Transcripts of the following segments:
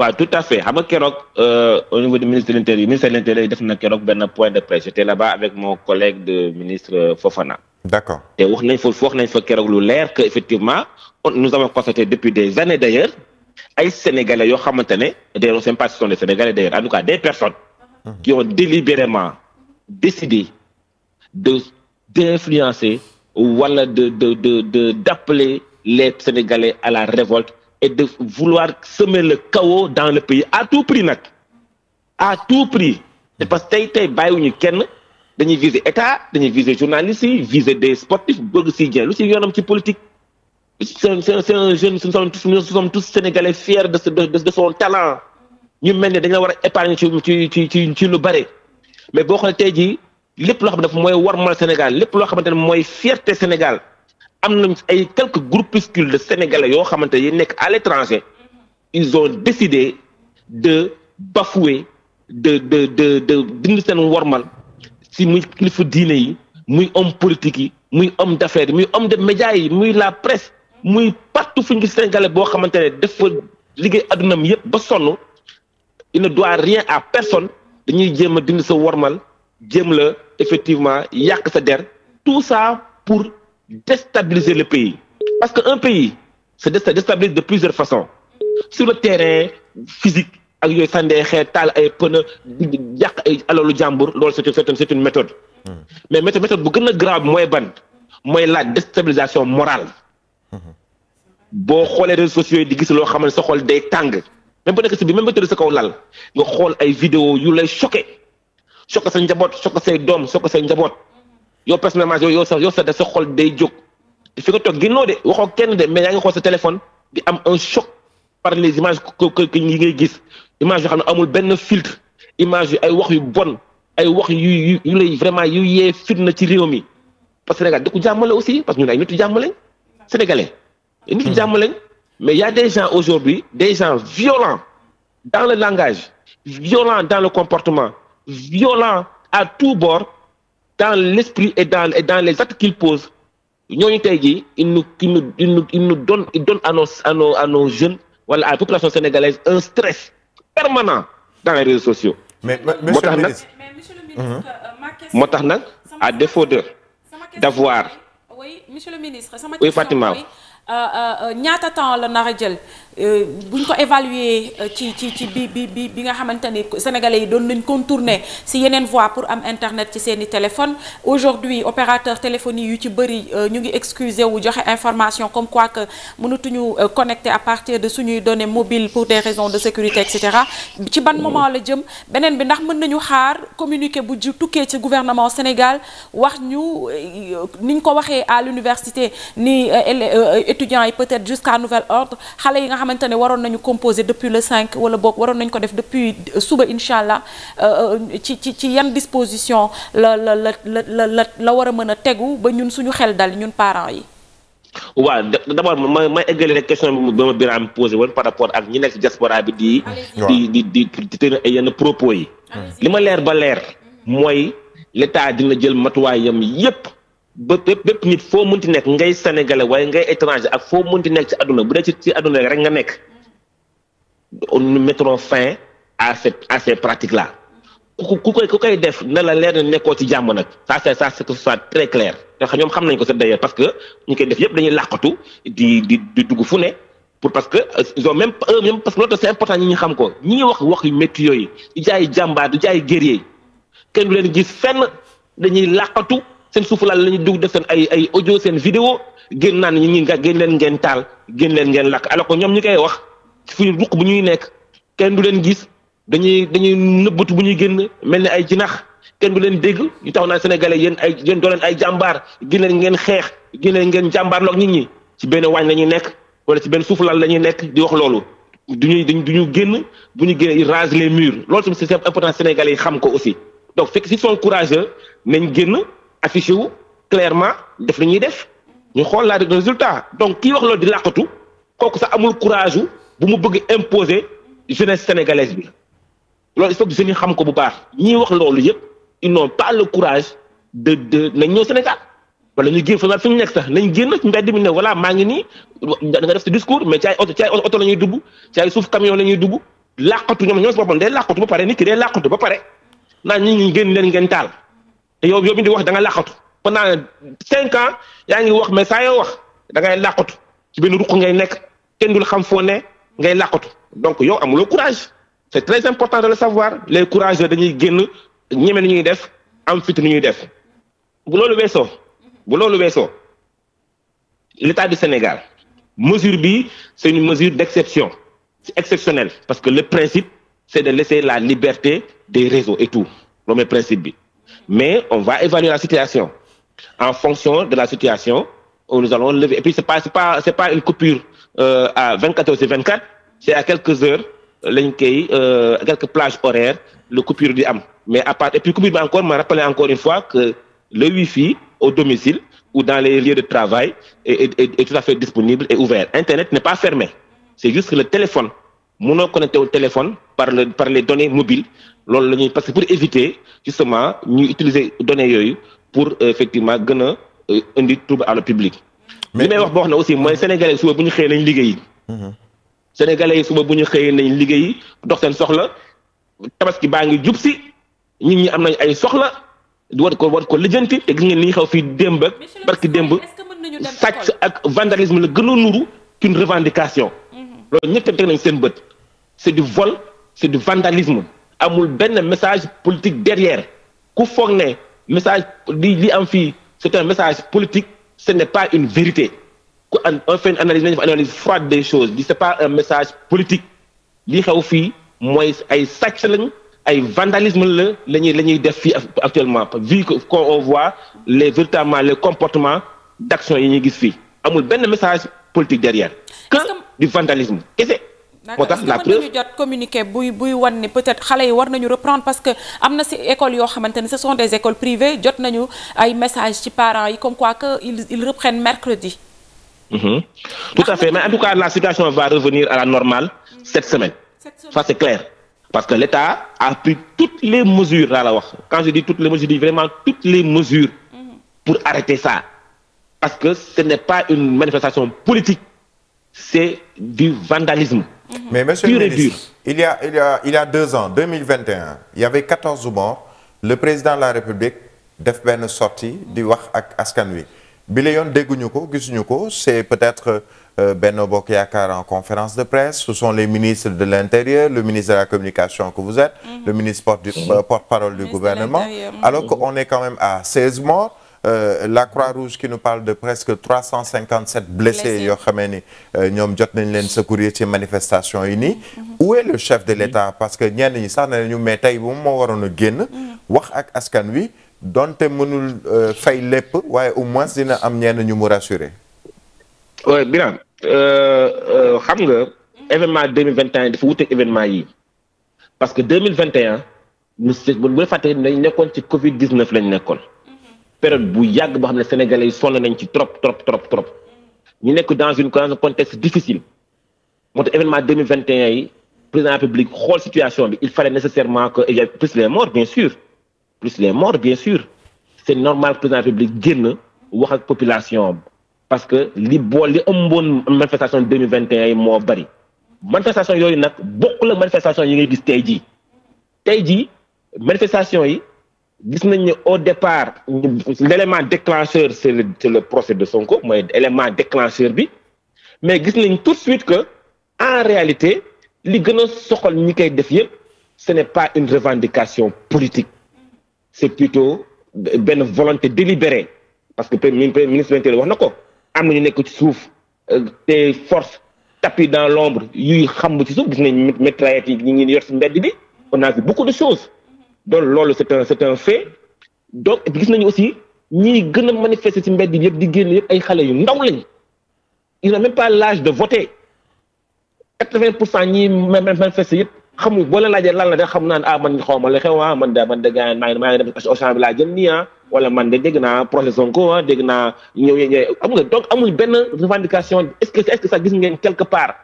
waa tout à fait xam nga keroog euh, au niveau du ministre de l'intérieur ministère de l'intérieur def na keroog benn point de presse j'étais là-bas avec mon collègue de ministre euh, Fofana. d'accord te wax nañ fa wax nañ fa keroog lu leer que effectivement nous avons constaté depuis des années d'ailleurs ay sénégalais yoo xamante ne d'ailleurs c'est pas ce sont des sénégalais d'ailleurs en tout cas des personnes. qui ont délibérément décidé de d'influencer wala de de de de d'appeler les sénégalais à la révolte. et de vouloir semer la chaos dans le pays à tout prix nag à tout prix c'est parce que tey tey bàyyiwuñu kenn dañuy viser état dañuy viser journalistes yi viser des sportifs bëgg si jeen lu si yoonam ci politique c'est c'est un jeune nous sommes tous nous sommes de de de son talent ñu mel ne dañ la war a épargner ci ci ci ci lu bare mais boo xoolee tey jii lépp loo xam ne dafa mooy warmal Sénégal lépp loo xamante ne mooy fierté Sénégal am nañ ay quelques groupuscules de sénégalais yoo xamante yi nekk à l'étranger ils ont décidé de bafouer de de de de dindi seen wormal si muy kilifa diine yi muy homme politique yi muy homme d'affaires yi muy homme de médias yi muy la presse muy partout fu ñu sénégalais boo xamante ne dafa liggéey addunam yépp ba sonn il ne doit rien à personne dañuy jéem a dindi sa wormal jéem la effectivement yàq sa der tout ça pour déstabiliser le pays. Parce que qu'un pays se déstabilise de plusieurs façons. Sur le terrain physique, ak yooyu sàndee xeer taal ay pneu yàq ay alalu jàmbur loolu c'est un c'est une méthode. Hmm. mais méthode méthode bu gën a grave mooy ban mooy la déstabilisation morale. Hmm. boo xoolee réseaux sociaux yi di gis loo xam ne sa xool day tàng même bu nekk si bi même tëdd sa kaw lal nga xool ay vidéo yu lay choqué choqué sa njaboot choqué say doom choqué say njaboot. yow personnellement yow sa yow sa def sa xol day jóg te fi nga toog ginnoo de waxoo kenn de mais yaa ngi xool sa téléphone di am un choc par les images que yi ngay gis image yoo xam na amul benn filtre image yu ay wax yu bon ay wax yu yu lay vraiment yu yee na ci réew mi parce que Sénégal dëkku jàmm la aussi parce que ñun ay nitu jàmm lañ sénégalais. nitu hmm. jàmm mais y a des gens aujourd'hui des gens violents dans le langage violents dans le comportement violents à tout bord. dans l'esprit et dans et dans les actes qu'ils posent ñooñu jii il nous il nous il nous il donne il donne à nos jeunes wala à la population sénégalaise un stress permanent dans les réseaux sociaux. mais tax nag mhm. euh, moo tax nag à défaut d'avoir monsieur le ministre sama question oui Fatima euh, euh, ñaata temps la nar Euh, buñ ko évaluer euh, ci ci ci bi bi bi bi nga xamante ni sénégalais yi doon nañ contourner si yeneen voie pour am internet ci seen i téléphone aujourd'hui opérateur téléphonie yu ci bëri euh, ñu ngi excuser wu joxe information comme quoi que mënatuñu connecté à partir de suñuy données mobiles pour des raisons de sécurité et ci ban moment la jëm beneen bi ndax mën nañu xaar communiqué bu ju tukkee ci gouvernement Sénégal wax ñu niñ ko waxee à l'université ni étudiants yi peut-être jusqu'à nouvel ordre xale yi nga xamante ne waroon nañu composé depuis le 5 wala boog waroon nañu ko def depuis euh, suba incha allah euh, euh, ci ci ci yan disposition la la la la la la war a mën a tegu ba ñun suñu xel dal ñun parent yi. waaw d'abord ma ma eggale rek question bi ma Birame posé woon par rapport ak ñi nekk ci diaspora bi di. di di di di ay yenn propos yi. li ma leer ba leer mooy l'État dina jël matuwaayam yépp ba bépp nit foo munti nekk ngay sénégalais waaye ngay étranger ak foo munti nekk ci àdduna bu dee ci ci rek nga nekk nous fin à ces à ces pratiques ku ku koy ku koy def na la leer nekkoo ci jàmm nag ça c'est ça c'est que ce soit ñoom xam nañ ko sax d'ailleurs parce que ñu koy def yëpp dañuy làqatu di di di dugg fu ne pour parce que ils ont même important ñi ñu xam ko ñi ngi wax wax yu métti yooyu du jaay jàmbaar jaay guerrier kenn du leen gis fenn dañuy làqatu. seen suufu laal la ñu dugg def seen ay ay audio seen vidéo génn naan ñi ñi nga génn leen ngeen taal génn leen ngeen lakk alors ko ñoom ñi koy wax suñu ruq bu ñuy nekk kenn du leen gis dañuy dañuy nëbbatu bu ñuy génn mel ni ay jinax kenn du leen dégg ñu tax naa sénégalais yéen ay yéen doo leen ay jàmbaar génn leen ngeen xeex génn leen ngeen jàmbaar loog nit ñi ci benn waañ la ñuy nekk wala ci benn suufu laal la ñuy nekk di wax loolu du ñuy du ñu génn bu ñu génn rase les murs loolu tamit c'est important sénégalais yi xam ko aussi donc fekk si sont courageux affiché wu clairement def li ñuy def ñu xool laa de résultat donc kii wax loolu di làqatu kooku sax amul courage bu mu bëgg imposer jeunesse sénégalaise bi loolu il faut que yi xam ko bu baax ñii wax loolu yëpp ils n'ont pas le courage de de nañ ñëw Sénégal wala ñu génn fa fi ñu nekk sax nañ génn mbedd mi ne voilà maa ngi nii da nga def sa discours mais ci oto ci oto la ñuy dugg ci ay suuf camion la ñuy dugg làqatu ñoom ñoom si boppam day làqatu ba pare ba pare naan ñi ñu génn leen ngeen taal te yow yow mi di wax da nga làqatu pendant cinq ans yaa ngi wax mais saa yoo wax dangay ngay làqatu ci benn ruq ngay nekk kenn dul xam foo ne ngay làqatu donc yow amuloo courage c'est très important de le savoir les courageux dañuy génn ñeme ni ñuy def am fit ni ñuy def bu loolu weesoo bu loolu weesoo l'état du Sénégal mesure bi c'est une mesure d'exception c'est exceptionnel parce que le principe c'est de laisser la liberté des réseaux et tout loolu mooy principe bi Mais on va évaluer situation. En fonction de la situation, nous allons lever. pas, pas, pas une coupure euh, à 24 heures sur 24, c'est à quelques heures, euh, am. Mais à part, et puis, coupure encore, m'a rappelé fi au domicile ou dans les lieux de travail est, est, est, est tout à fait disponible et ouvert. Internet n'est pas fermé. C'est par le par les données mobiles loolu la ñuy parce que pour éviter justement ñu utiliser données yooyu pour euh, effectivement gën a euh, indi trouble à le public. mais li may wax boo xam ne aussi mooy mhm. sénégalais suba bu ñu xëyee nañ liggéeyi. Mhm. sénégalais yi suba bu ñu xëyee nañ liggéeyi dox seen soxla tabaski baa ngi jub si nit ñi am nañ ay soxla war ko war ko lijjanti te gis ngeen ni xaw fii démb ak barki démb sàcc ak vandalisme la gën a nuru qu'une revendication. Mhm. loolu ñëpp teg c'est du vandalisme amul benn message politique derrière ku foog ne message li li am fii c'est un message politique ce n'est pas une vérité ku an on fait une analyse nañu froide des choses di c'est pas un message politique li xew fii mooy ay sàcc lañ ay vandalisme la la ñuy la ñuy def fii actuellement vi que qu'on on voit les véritablement les comportements d'action yi ñu gis fii amul benn message politique derrière que du vandalisme kese moo tax jot communiqué buy buy wan peut-être xale yi war reprendre parce que am na ci école yoo xamante ne ce sont des écoles privées jot nañu ay message ci parents que ils reprennent mercredi. Mm-hmm. tout à fait mais en tout cas la situation va revenir à la normale mmh. cette semaine. cette semaine ça c'est clair. parce que l'État a pris toutes les mesures laa wax quand je dis toutes les mesures vraiment toutes les mesures. Mm-hmm. pour arrêter ça. parce que ce n'est pas une manifestation c'est du vandalisme. Mhm. Mais monsieur le ministre, a il y a il y a deux ans 2021 il y avait le président de la République def benn sortie di wax ak askan wi bi la yoon dégguñu ko gisuñu ko c'est peut-être euh, Benno Bokk Yaakaar en conférence de presse ce sont les ministres de l'intérieur le ministre de la communication que vous êtes. Mhm. le ministre euh, porte-parole du gouvernement. alors mhm. qu'on est quand même à 16 morts. Euh, la Croix-Rouge qui nous parle de presque 357 blessés yoo xamee ni euh, ñoom jot nañ leen secourir ci manifestation yi nii mhm. où est le chef de l'État parce que ñenn ñi sax ne ñu mais tey bu moo waroon a génn mhm. wax ak askan wi donte mënul euh, fay lépp waaye au moins dina am ñenn ñu mu rassurer oui euh, xam nga événement 2021 dafa wuteeg événement yi parce que 2021 monsieur bu dee fàtte dañ nekkoon ci Covid 19 lañ nekkoon période bu yàgg boo xam ne sénégalais yi sonn nañ ci trop trop trop trop ñu nekk dans une dans un contexte difficile moo tax événement 2021 yi président public xool situation bi il fallait nécessairement que il y a plus les morts bien sûr plus les morts bien sûr c'est normal que président public génn wax ak population parce que li bool li ëmboon manifestation 2021 yi moo bari manifestation yooyu nag bokk la manifestation yi ngay gis tey jii tey jii manifestation yi gis nañ ne au départ l'élément déclencheur c'est le c'est procès de Sonko mooy élément déclencheur bi mais gis nañ tout de suite que en réalité li gën a soxal ñi koy def yëpp ce n'est pas une revendication politique c'est plutôt benn volonté délibérée parce que premier ministre l'intérieur wax na ko am nañu nekk ci suuf euh, te force tapis dans l'ombre yuy xam ci suuf gis nañ métraillette yi ñu ngi yor ci mbedd bi on a vu beaucoup de choses donc loolu c'est un c'est un fait donc gis nañu aussi ñiy gën a manifester ci yi yëpp di génn yëpp ay xale yu ndaw lañ ils n'ont même pas l'âge de voter quatre-vingt pour cent ñiy manifester yëpp xamul boo leen laajee lan la de xam naan ah man xaw ma la xew ah man de man de gaa maa ngi maa ngi dem Auchan laa jëm nii ah wala man de dégg naa projet Sonko ah dégg naa ñëw ñëw xam nga donc amul benn revendication est-ce que est-ce que ça gis ngeen quelque part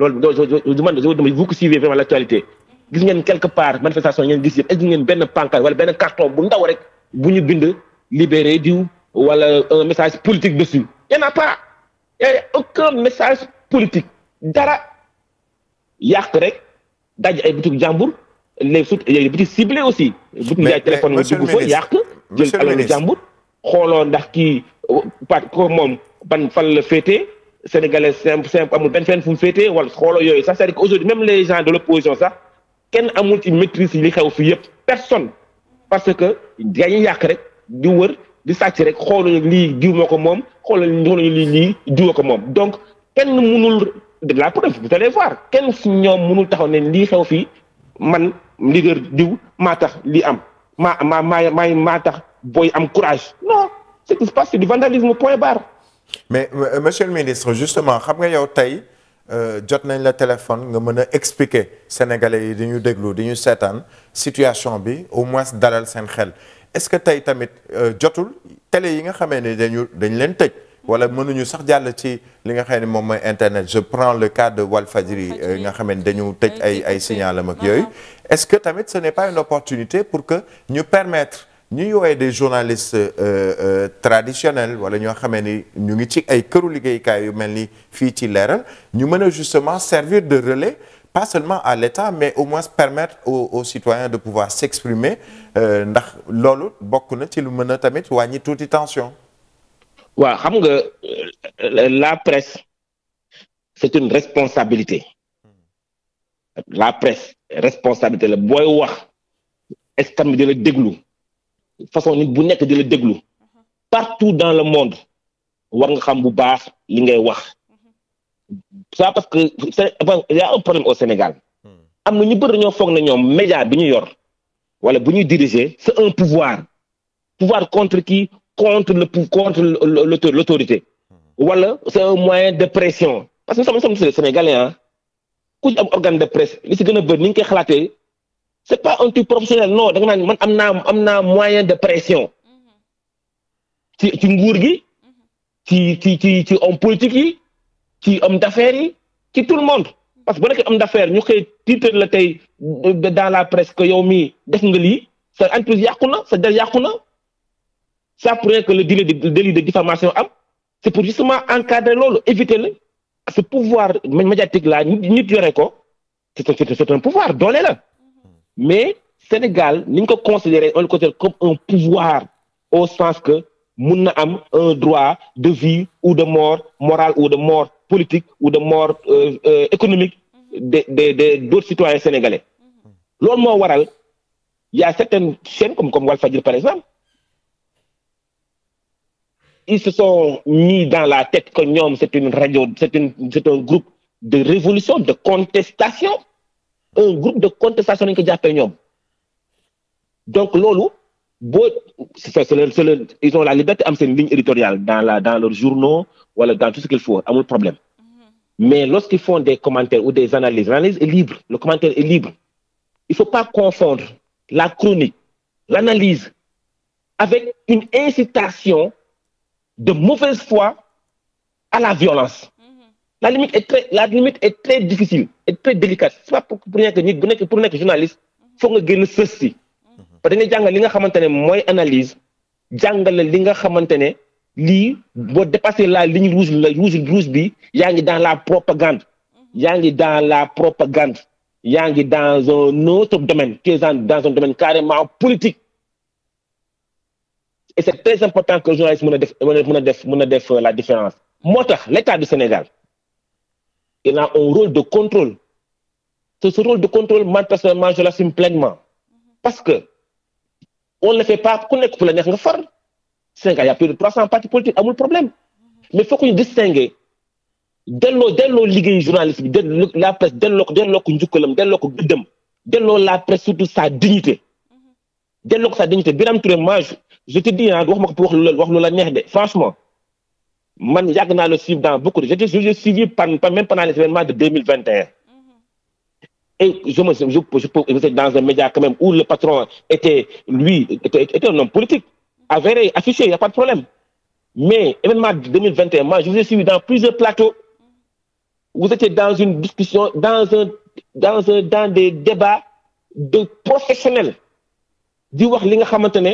loolu doo doo doo man de vous qui suivez vraiment gis ngeen quelque part manifestation yi ngeen gis yëpp gis ngeen benn pancarte wala benn carton bu ndaw rek bu ñu bind libéré diw wala message politique dessus y en a pas y a aucun message politique dara yàq rek daj ay boutique jàmbur les sut les boutiques ciblées aussi. boutique jaay téléphone dugg fa yàq jël alalu jàmbur. xooloo ndax kii pat ko moom ban fan la féetee sénégalais simple simple amul benn fenn fu mu féetee wala xooloo yooyu ça cest que aujourd'hui même les gens de kenn amul ci maîtrise li xew fi yëpp personne parce que dañuy yàq rek di wër di sàcc rek xooluñu lii diw moo ko moom xooluñu xooluñu lii lii diw ko moom donc kenn mënul de la preuve vous allez kenn si ñoom mënul taxaw ne lii xew fii man leader diw maa tax lii am maa maa maa maa tax booy am courage non ce qui se passe c'est du vandalisme point barre. mais euh, monsieur le ministre justement xam nga yow tey. Euh, jot nañ la téléphone nga mën a expliquer sénégalais yi di ñu déglu di ñu seetaan situation bi au moins daral seen xel est-ce que tey tamit euh, jotul télé yi nga xamee ne dañu dañ leen tëj wala mënuñu sax jàll ci li nga xam ne moom mooy internet je prends le cas de Walfadjri euh, nga xam ne dañu tëj ay ay signalam ak yooyu est-ce que tamit ce n'est pas une opportunité pour que ñu permettre ñuy woowee des journalistes euh, euh, traditionnels wala ñoo xamee ni ñu ngi ci ay këru liggéeykaay yu mel ni fii ci leeral ñu mën a justement servir de relais pas seulement à l'État mais au moins permettre aux, aux citoyens de pouvoir s'exprimer euh, ndax loolu bokk na ci lu mën a tamit wàññi tuuti tension. waa xam nga la presse c'est une responsabilité la presse responsabilité la booy wax est tamit di la déglu. façon ni bu nekk di la déglu partout dans le monde war nga xam bu baax li ngay wax ça parce que y a un problème au Sénégal hmm. am na ñu bëri ñoo foog na ñoom média bi ñu yor wala bu ñuy diriger c'est un pouvoir pouvoir contre qui contre le contre l'autorité hmm. wala c'est un moyen de pression parce que nous sommes Sénégalais ah ku am organe de presse li si gën a bëri ni ñu koy xalaatee c'est pas un truc professionnel non da nga naan man am naa am moyen de pression ci ci nguur gi ci ci ci ci homme politique yi ci homme daffaire yi ci tout le monde parce que bu nekkee homme ñu koy titre la tey euh, dans la presse que yow mii def nga lii sa entreprise yàqu na sa der yàqu na ça pourrait que le délit de délit de diffamation am c'est pour justement encadrer loolu éviter la ce pouvoir médiatique là nit yore ko c'est un pouvoir doole la mais Sénégal ni ñu ko considéré on le considère comme un pouvoir au sens que mun na am un droit de vie ou de mort morale ou de mort politique ou de mort euh, euh, économique des des des d'autres citoyens sénégalais loolu moo waral y a certaines chaînes comme comme Walfadjri par exemple ils se sont mis dans la tête que ñoom c'est une radio c'est une c'est un groupe de révolution de contestation un groupe de contestation lañu ko jàppee ñoom donc loolu boo c'est le ils ont la liberté am seen ligne éditoriale dans la dans leurs journaux wala dans tout ce qu'il faut amul problème mm-hmm. mais lorsqu'ils font des commentaires ou des analyses l'analyse est libre le commentaire est libre il faut pas confondre la chronique l'analyse avec une incitation de mauvaise foi à la violence mm-hmm. la limite la limite est très difficile e très délicate c'est pas pour rien que nit bu nekk pour nga génn sës si ba mhm. da jàngal li nga xamante ne mooy analyse jàngale li nga xamante ne lii boo dépassé la ligne rouge la rouge rouge bi yaa ngi dans la propagande mhm. yaa ngi dans la propagande yaa ngi dans un autre domaine qui est dans un domaine carrément politique et c'est très important que journaliste mën a def mën a def mën a def euh, la différence moo tax l'état du Sénégal il a un rôle de contrôle. C'est ce rôle de contrôle, moi, personnellement, je l'assume pleinement. Parce que on ne le fait pas pour pour la fort. Cinq ans, il y a plus de 300 partis politiques, il y a problème. Mais il faut qu'on de Dès lors, dès lors, ligue journaliste, dès la presse, dès lors, dès lors, dès lors, dès lors, la presse, surtout sa dignité. Dès lors, sa dignité. Biram Touré, moi, je te dis, hein, franchement, man yàgg naa le suivre dans beaucoup de j'étais je suivi par même pendant les événements de 2021 et je me je, je peux dans un média quand même où le patron était lui était, un homme politique avéré affiché il n'y a pas de problème mais événement de 2021 moi je vous ai suivi dans plusieurs plateaux vous étiez dans une discussion dans un dans des débats de professionnels di wax li nga xamante ne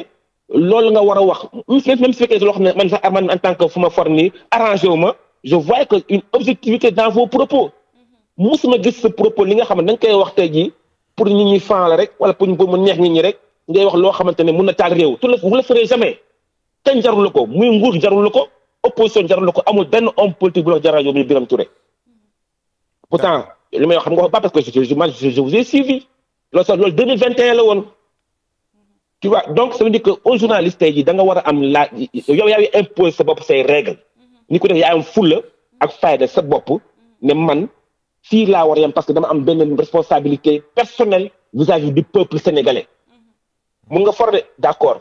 loolu nga war a wax même su fekkee loo xam ne man sax man en tant que fu ma ma je vois que une objectivité dans vos propos mhm. musuma gis sa propos li nga xam ne da koy wax tey jii pour nit ñi rek wala pour ñu mu neex nit ñi rek ngay wax loo xamante ne mun na taal réew tu la vous le ferez jamais kañ jarul ko muy nguur jarul la ko opposition jarul ko amul benn homme politique bu la jaral yow mi Birame Touré mhm. pourtant li may wax xam nga ba parce que je je je vous ai suivi la woon. tu donc ça veut dire que au journaliste tey jii da nga war a am laaj yow yaa ngi sa bopp say règle mm-hmm. ni ko def yaa am fulla ak fayda sa bopp mm-hmm. ne man fii la war a parce que dama am benn responsabilité personnelle vis-à-vis du peuple sénégalais mm-hmm. mun nga forde d'accord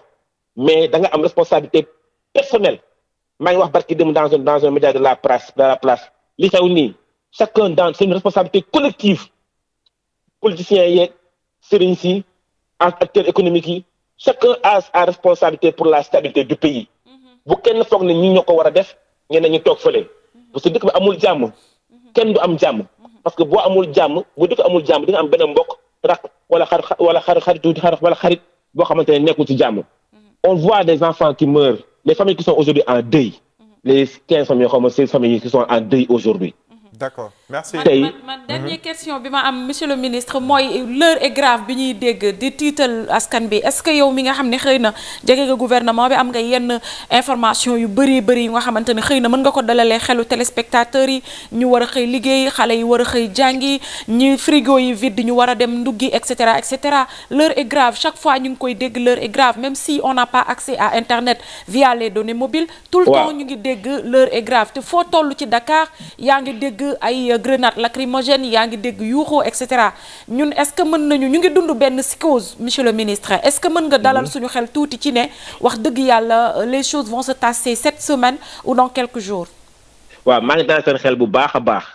mais da nga am responsabilité personnelle maa ngi wax barki dem dans un dans un média de la place de la place li xew nii chacun dans c'est une responsabilité collective politiciens yeeg sëriñ si ak acteurs économiques yi chaque a sa responsabilité pour la stabilité du pays bu kenn foog ne ñi ñoo ko war a def ñenn ñu toog fële parce que dëkk bi amul jàmm kenn du am jàmm parce que boo amul jàmm bu dëkk amul jàmm di nga am benn mbokk rak wala xar wala xar xaritu xar wala xarit boo xamante ne nekkul ci jàmm on voit des enfants qui meurent les familles qui sont aujourd'hui en deuil les quinze familles ne seize familles qui sont en deuil aujourd'hui d'accord merci tey man dernière mhm. question bi ma am monsieur le ministre mooy l'heure est grave bi ñuy dégg di tiital askan bi est que yow mi nga xam ne xëy na jege nga gouvernement bi am nga yenn information yu bëri bëri yu nga xamante ne xëy na mën nga ko dalalee xelu téléspectateurs yi ñu war a xëy liggéey xale yi war a xëy jàngi ñi frigo yi vide ñu war a dem nduggi et cetera et cetera l'heure est grave chaque fois ñu ngi koy dégg l'heure est grave même si on n'a pas accès à internet via les données mobiles tout le ñu ngi dégg l'heure foo toll ci Dakar yaa ngi dégg ay grenade lacrymogène yaa ngi dégg yuuxoo et cetera ñun est-ce que mën nañu ñu ngi dund benn psychose monsieur le ministre est-ce que mën nga dalal mhm. suñu xel tuuti ci ne wax dëgg yàlla les choses vont se tasser cette semaine ou dans quelques jours. waaw maa ngi dalal seen xel bu baax a baax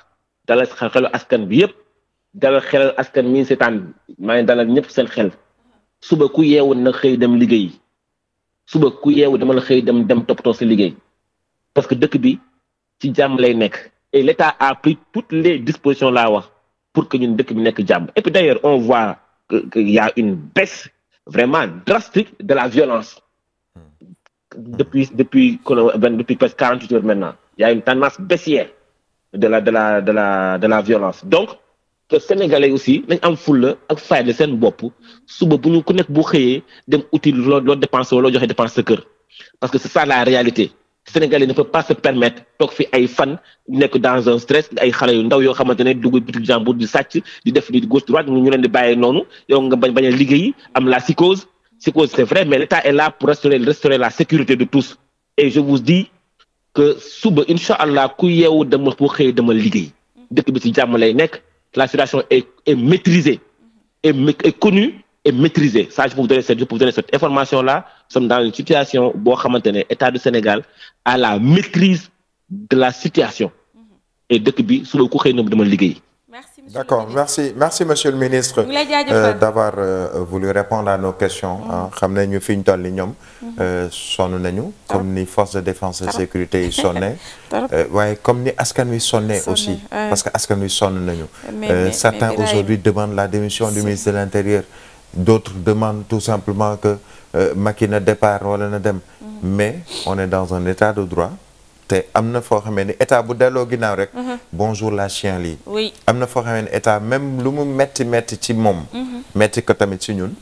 dalal seen xelu askan bi yëpp dalal xelal askan mi seetaan maa ngi dalal ñëpp seen xel suba ku yeewu na xëy dem liggéey suba ku yeewu dama la xëy dem dem toppatoo sa liggéey parce que dëkk bi ci jàmm lay nekk. et l'État a pris toutes les dispositions laa wax pour que ñun dëkk bi nekk jàmm et puis d'ailleurs on voit qu'il a une baisse vraiment drastique de la violence hmm. depuis depuis depuis presque quarante-huit heures maintenant il y a une tendance baissière de la de la de la de violence donc que sénégalais aussi nañ am fulla ak fayda seen bopp suba bu nu ku nekk bu xëyee dem outil loo loo dépense loo joxe dépense sa kër parce que c'est ça la réalité Sénégalais ne peut pas se permettre toog fi ay fan nekk dans un stress ay xale yu ndaw yoo xamante ne dugg bitik di sàcc di def di gauche droite ñu leen di bàyyee noonu yow nga bañ bañ a liggéey am la psychose psychose c'est vrai mais l'État est là pour restaurer restaurer la sécurité de tous et je vous dis que suba incha allah ku yeewu dama bu xëy dama liggéey dëkk bi ci jàmm lay nekk la situation est est maîtrisée et est connue et maîtrisée ça je peux vous donner cette je peux vous donner boo xamante ne état du Sénégal à la maîtrise de la situation mm-hmm. dëkk bi suba ku xëy na dama liggéey. D'accord, merci merci monsieur le ministre euh, d'avoir euh, voulu répondre à nos questions mm-hmm. xam nañu fi ñu toll ni ñoom mm-hmm. euh, sonn nañu comme ni force de défense et sécurité yi sonne euh, waaye comme ni askan wi sonne aussi parce que askan wi sonn nañu euh, certains aujourd'hui demandent la démission du ministre de l'Intérieur d'autres demandent tout simplement que euh, Macky na départ wala na dem mhm. mais on est dans un état de droit te am na foo xamee ni état bu delloo ginaaw rek mhm. bonjour la chien lii am na foo xamee ni état même lu mu metti metti ci moom mhm. metti ko tamit ci ñun